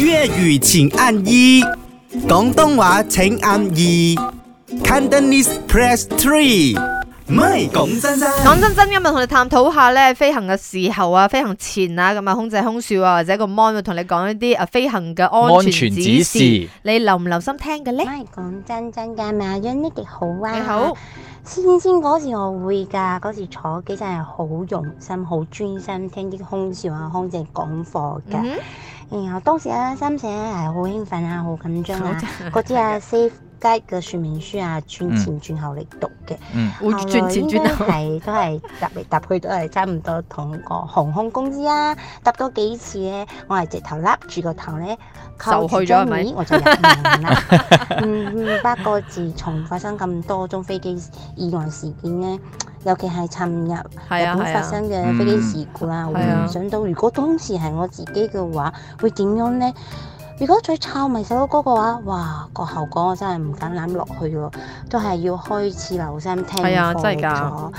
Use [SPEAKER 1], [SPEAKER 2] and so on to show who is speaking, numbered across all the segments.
[SPEAKER 1] 粵語請按一，廣東話請按二，Cantonese press three。唔係講真真，講真
[SPEAKER 2] 真今日同你探討下咧，飛行嘅時候啊，飛行前啊，咁啊，空姐空少啊，或者個 mon
[SPEAKER 3] 同你講一啲啊，飛行嘅安全指示，你留唔留心聽嘅咧？唔係講真真噶，咪阿 Janet 好啊。你好，先先。嗰時我會噶，嗰時坐機真係好用心，好專心聽啲空少啊，空姐講課噶。然後當時咧、啊、三姐咧係好興奮啊，好緊張啊，嗰啲啊 safety 嘅説明書啊，轉前轉後嚟讀嘅，嗯嗯、後轉前轉後係都係搭嚟搭去都係差唔多同個航空公司啊，搭多幾次咧、啊，我係直頭笠住個頭咧，扣住張尾，我就唔行啦。 嗯，不過自從發生咁多宗飛機意外事件咧。尤其係尋日日本發生嘅飛機事故啦啊，會、啊嗯啊、想到如果當時係我自己嘅話，會點樣呢？如果再抄埋首歌嘅話，哇，個後果我真係唔敢諗落去咯，都係要開始留心聽。係啊，真係噶。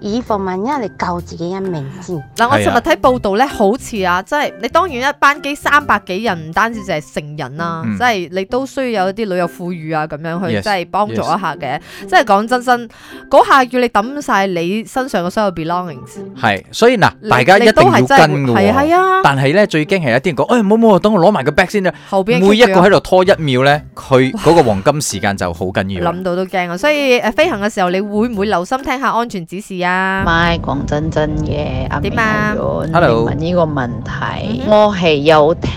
[SPEAKER 3] 以防萬一你救自己一命先。嗱，我尋日睇報道咧，好似啊，即係你當然一班
[SPEAKER 2] 機三百幾人，唔單止就係成人啦，即係你都需要有一啲旅遊富裕啊，咁樣去即係幫助一下嘅。即係講真身，嗰下要你抌晒你身上嘅所有 belongings。
[SPEAKER 1] 係，所以嗱，大家一定要跟嘅。係啊。但係咧，最驚係有啲人講，誒，冇冇，等我攞埋個 bag 先啦。後邊每一個喺度拖一秒咧，佢嗰個黃金時間就好緊要。諗
[SPEAKER 2] 到都驚啊！所以誒，飛行嘅時候你會唔會留心聽下安全指示啊？咪講真真嘅，啊、阿美雲，你問呢個問題，嗯、哼我係有聽，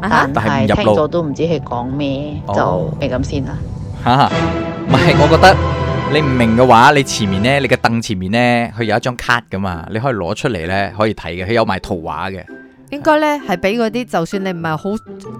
[SPEAKER 2] 但係聽咗都唔知佢講咩，啊、就係咁先啦。
[SPEAKER 1] 吓、啊，唔係，我覺得你唔明嘅話，你前面咧，你嘅凳前面咧，佢有一張卡噶嘛，你可以攞出嚟咧，可以睇嘅，佢有埋圖畫嘅。
[SPEAKER 2] 應該咧係俾嗰啲就算你唔係好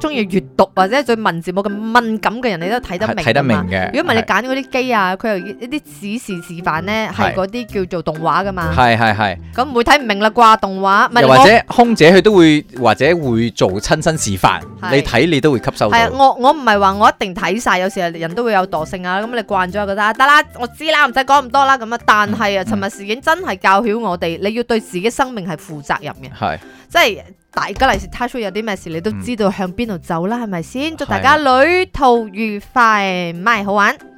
[SPEAKER 2] 中意閱讀或者對文字冇咁敏感嘅人，你都睇得明。睇得明嘅。如果唔係你揀嗰啲機啊，佢又係一啲指示示範咧，係嗰啲叫做動畫噶嘛。
[SPEAKER 1] 係係係。
[SPEAKER 2] 咁唔會睇唔明啦啩動畫？或者
[SPEAKER 1] 空姐佢都會或者會做親身示範，係你睇你都會吸收。係啊，我
[SPEAKER 2] 我唔係話我一定睇晒，有時候人都會有惰性啊。咁你慣咗覺得得啦，我知啦，唔使講咁多啦咁啊。但係啊，嗯嗯、尋日事件真係教曉我哋，你要對自己生命係負責任嘅。係係。即係。大家嚟時，睇出有啲咩事，你都知道向邊度走啦，係咪先？祝大家旅途愉快，咪好玩。